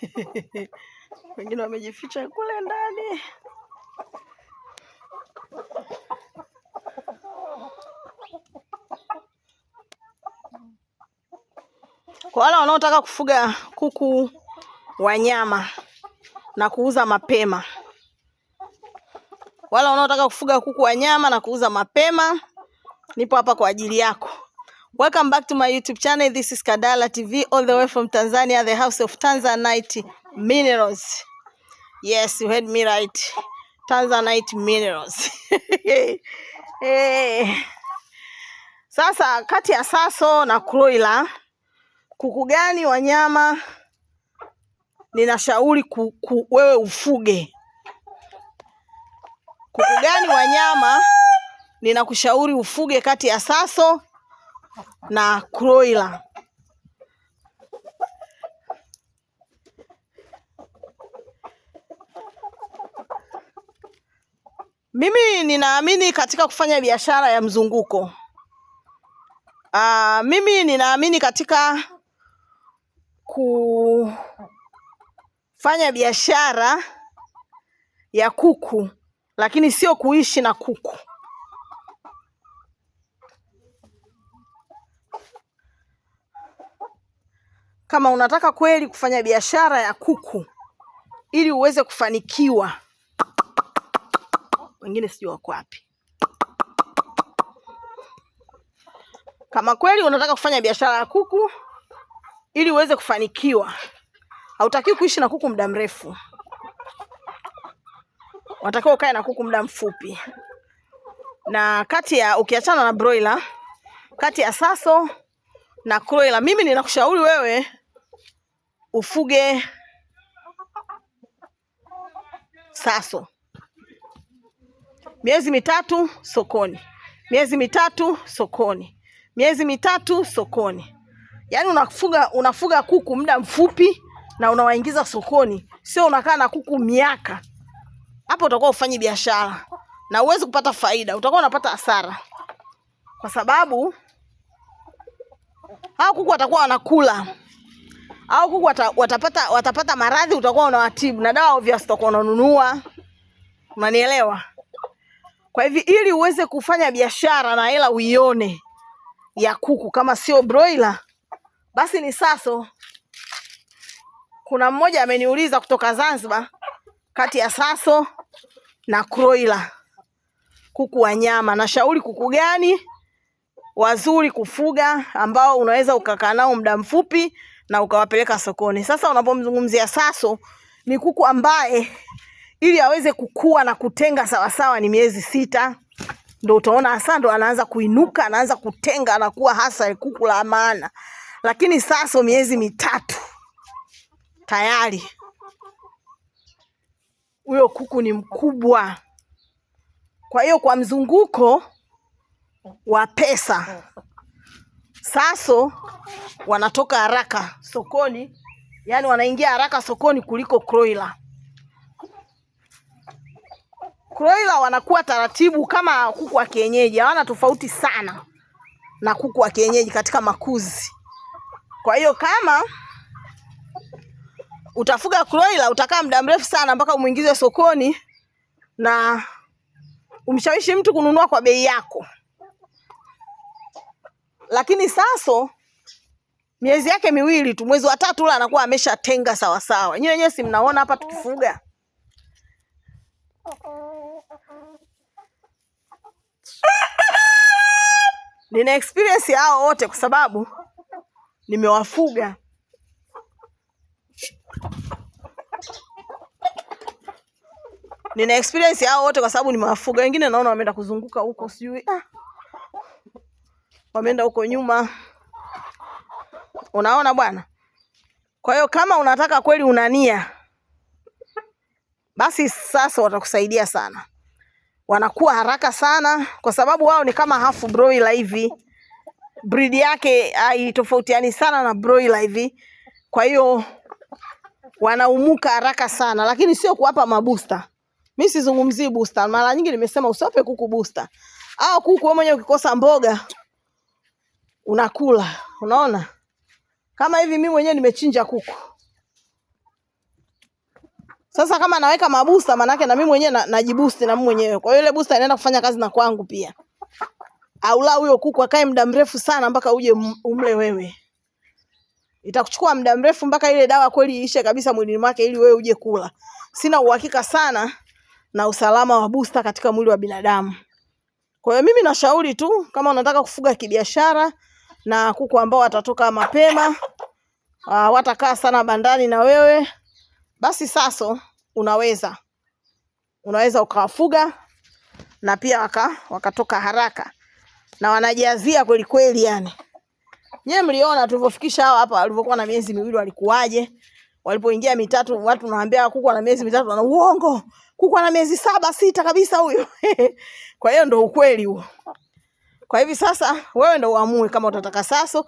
wengine wamejificha kule ndani. Kwa wale wanaotaka kufuga kuku wa nyama na kuuza mapema, wale wanaotaka kufuga kuku wa nyama na kuuza mapema, nipo hapa kwa ajili yako. Welcome back to my YouTube channel. This is Kadala TV all the way from Tanzania, the house of Tanzanite minerals. Yes, you heard me right. Tanzanite minerals. Hey. Sasa kati ya Saso na Kroila, kuku gani wanyama ninashauri ku, ku, wewe ufuge? Kuku gani wanyama ninakushauri ufuge kati ya Saso na kroila. Mimi ninaamini katika kufanya biashara ya mzunguko. Aa, ah, mimi ninaamini katika kufanya biashara ya kuku, lakini sio kuishi na kuku. Kama unataka kweli kufanya biashara ya kuku ili uweze kufanikiwa, wengine sijui wako wapi. Kama kweli unataka kufanya biashara ya kuku ili uweze kufanikiwa, hautakiwi kuishi na kuku muda mrefu, unatakiwa ukae na kuku muda mfupi. Na kati ya ukiachana na broiler, kati ya saso na kroila, mimi ninakushauri wewe ufuge Saso miezi mitatu sokoni, miezi mitatu sokoni, miezi mitatu sokoni. Yaani unafuga unafuga kuku muda mfupi na unawaingiza sokoni, sio unakaa na kuku miaka. Hapo utakuwa ufanyi biashara na uwezi kupata faida, utakuwa unapata hasara, kwa sababu hao kuku watakuwa wanakula au kuku watapata, watapata maradhi, utakuwa unawatibu na dawa obvious utakuwa unanunua, unanielewa? Kwa hivi ili uweze kufanya biashara na hela uione ya kuku, kama sio broiler basi ni Saso. Kuna mmoja ameniuliza kutoka Zanzibar, kati ya Saso na Kroila, kuku wa nyama, nashauri kuku gani wazuri kufuga ambao unaweza ukakaa nao muda mfupi na ukawapeleka sokoni. Sasa unapomzungumzia Saso ni kuku ambaye ili aweze kukua na kutenga sawasawa sawa, ni miezi sita ndo utaona hasa ndo anaanza kuinuka, anaanza kutenga, anakuwa hasa kuku la maana. Lakini Saso miezi mitatu tayari huyo kuku ni mkubwa. Kwa hiyo kwa mzunguko wa pesa Saso wanatoka haraka sokoni, yaani wanaingia haraka sokoni kuliko Kroila. Kroila wanakuwa taratibu kama kuku wa kienyeji, hawana tofauti sana na kuku wa kienyeji katika makuzi. Kwa hiyo kama utafuga Kroila utakaa muda mrefu sana mpaka umwingize sokoni na umshawishi mtu kununua kwa bei yako. Lakini Saso miezi yake miwili tu, mwezi wa tatu ule anakuwa ameshatenga sawasawa. Nyinyi wenyewe si mnaona hapa tukifuga nina experience hao wote kwa sababu nimewafuga. Nina experience hao wote kwa sababu nimewafuga. Wengine naona wameenda kuzunguka huko, sijui ah wameenda huko nyuma. Unaona bwana. Kwa hiyo kama unataka kweli unania basi sasa watakusaidia sana, wanakuwa haraka sana, kwa sababu wao ni kama hafu broiler hivi, breed yake haitofautiani sana na broiler hivi. Kwa hiyo wanaumuka haraka sana, lakini sio kuwapa mabusta. Mi sizungumzii busta, mara nyingi nimesema usiwape kuku busta au kuku wewe mwenyewe ukikosa mboga unakula. Unaona kama hivi, mimi mwenyewe nimechinja kuku. Sasa kama naweka mabusta, manake na mimi mwenyewe na, najibusti na mimi mwenyewe. Kwa hiyo ile busta inaenda kufanya kazi na kwangu pia, au la huyo kuku akae muda mrefu sana mpaka uje umle wewe, itakuchukua muda mrefu mpaka ile dawa kweli iishe kabisa mwilini mwake ili wewe uje kula. Sina uhakika sana na usalama wa busta katika mwili wa binadamu. Kwa hiyo mimi nashauri tu, kama unataka kufuga kibiashara na kuku ambao watatoka mapema ah, watakaa sana bandani na wewe basi, Saso unaweza unaweza ukawafuga na pia waka, wakatoka haraka na wanajazia kweli kweli. Yani nyewe mliona tulivyofikisha hawa hapa, walivyokuwa na miezi miwili walikuwaje? Walipoingia mitatu, watu naambia kuku ana miezi mitatu, ana uongo, kuku ana miezi saba sita kabisa huyo. Kwa hiyo ndo ukweli huo. Kwa hivi sasa wewe ndo uamue kama utataka Saso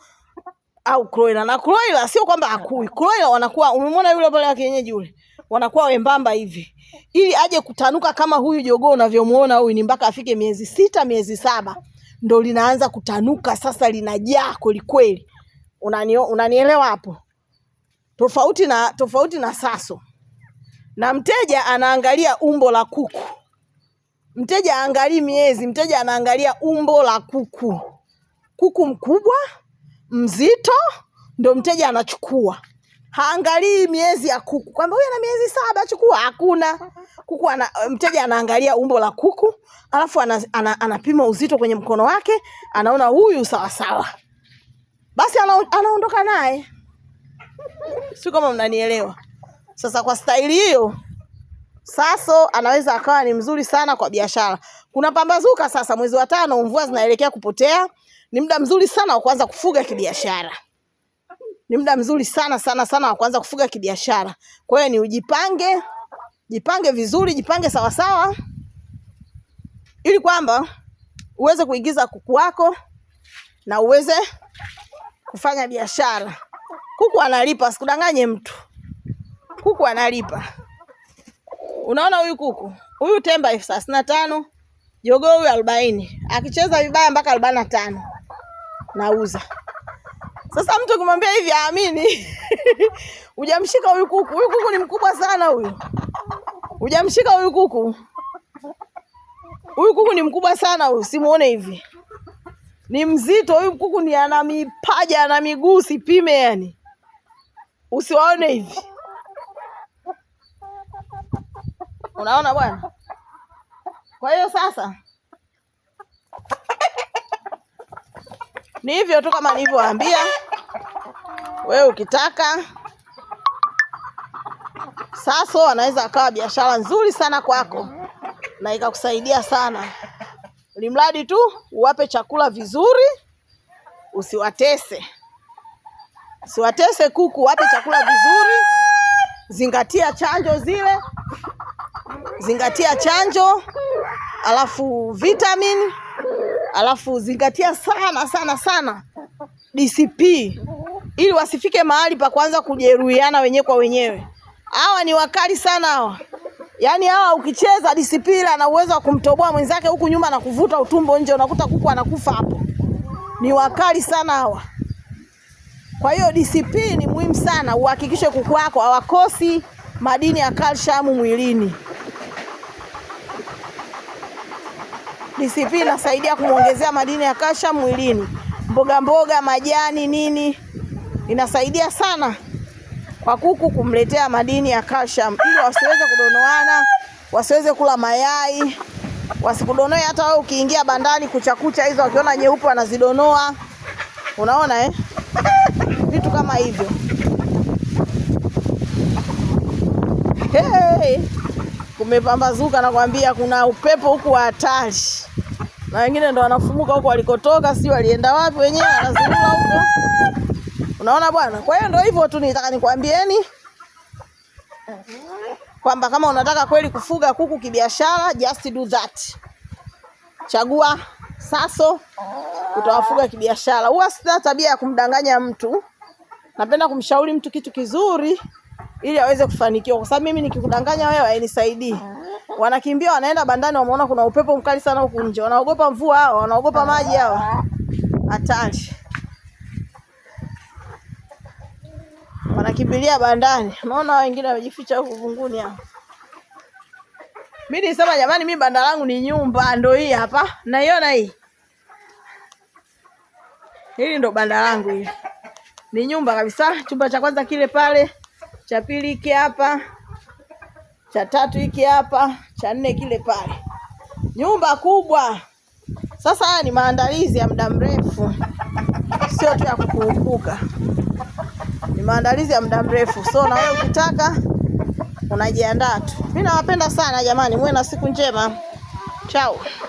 au Kroila. Na Kroila sio kwamba akui. Kroila wanakuwa umemwona yule pale wa kienyeji yule. Wanakuwa wembamba hivi. Ili aje kutanuka kama huyu jogoo unavyomuona huyu ni mpaka afike miezi sita, miezi saba ndo linaanza kutanuka sasa linajaa kweli kweli. Unani, unanielewa hapo? Tofauti na tofauti na Saso. Na mteja anaangalia umbo la kuku. Mteja aangalii miezi, mteja anaangalia umbo la kuku. Kuku mkubwa mzito, ndo mteja anachukua. Haangalii miezi ya kuku, kwamba huyu ana miezi saba, chukua. Hakuna kuku ana, mteja anaangalia umbo la kuku, alafu anapima ana, ana uzito kwenye mkono wake, anaona huyu sawasawa, basi anaondoka naye. Sio kama mnanielewa? Sasa kwa staili hiyo Saso anaweza akawa ni mzuri sana kwa biashara. Kuna pambazuka sasa, mwezi wa tano, mvua zinaelekea kupotea, ni muda mzuri sana wa kuanza kufuga kibiashara. Ni muda mzuri sana sana sana wa kuanza kufuga kibiashara. Kwa hiyo ni ujipange, jipange vizuri, jipange sawa sawa, ili kwamba uweze kuingiza kuku wako na uweze kufanya biashara. Kuku analipa, sikudanganye mtu, kuku analipa. Unaona huyu kuku huyu temba elfu thelathini na tano jogoo huyu arobaini akicheza vibaya mpaka arobaini na tano nauza. Sasa mtu kumwambia hivi aamini. Hujamshika huyu kuku, huyu kuku ni mkubwa sana huyu. Hujamshika huyu kuku, huyu kuku ni mkubwa sana huyu, simuone hivi ni mzito huyu kuku, ni ana mipaja ana miguu, sipime yani, usiwaone hivi. Unaona bwana. Kwa hiyo sasa ni hivyo tu kama nilivyowaambia, wewe ukitaka Saso anaweza akawa biashara nzuri sana kwako na ikakusaidia sana, limradi tu uwape chakula vizuri, usiwatese, usiwatese kuku, wape chakula vizuri, zingatia chanjo zile zingatia chanjo, alafu vitamin, alafu zingatia sana sana sana DCP ili wasifike mahali pa kuanza kujeruhiana wenyewe kwa wenyewe. Hawa ni wakali sana hawa. Yaani hawa ukicheza DCP ila ana uwezo wa kumtoboa mwenzake huku nyuma na kuvuta utumbo nje, unakuta kuku anakufa hapo. Ni wakali sana hawa. Kwa hiyo DCP ni muhimu sana, uhakikishe kuku wako hawakosi madini ya kalsiamu mwilini. DCP inasaidia kumwongezea madini ya kasha mwilini, mboga mboga, majani nini, inasaidia sana kwa kuku kumletea madini ya kasha ili wasiweze kudonoana, wasiweze kula mayai, wasikudonoe. Hata wewe ukiingia bandani kuchakucha hizo, wakiona nyeupe wanazidonoa, unaona eh? vitu kama hivyo hey, kumepambazuka nakwambia, kuna upepo huku wa hatari na wengine ndo wanafumuka huko walikotoka, si walienda wapi wenyewe, wanazurura huko. Unaona bwana, kwa hiyo ndo hivyo tu, nitaka nikwambieni kwamba kama unataka kweli kufuga kuku kibiashara, just do that. Chagua Saso, utawafuga kibiashara. Huwa sina tabia ya kumdanganya mtu, napenda kumshauri mtu kitu kizuri ili aweze kufanikiwa, kwa sababu mimi nikikudanganya wewe hainisaidii wanakimbia wanaenda bandani, wameona kuna upepo mkali sana huku nje, wanaogopa mvua hao, wanaogopa maji hao, hatari, wanakimbilia bandani. Unaona wengine wamejificha huku vunguni hao. Mimi nisema jamani, mimi banda langu ni nyumba, ndo hii hapa, naiona hii, hili ndo banda langu, hili ni nyumba kabisa. Chumba cha kwanza kile pale, cha pili hiki hapa cha tatu hiki hapa, cha nne kile pale, nyumba kubwa. Sasa haya ni maandalizi ya muda mrefu, sio tu ya kukurupuka, ni maandalizi ya muda mrefu. So na wewe ukitaka unajiandaa tu. Mimi nawapenda sana jamani, muwe na siku njema. Chao.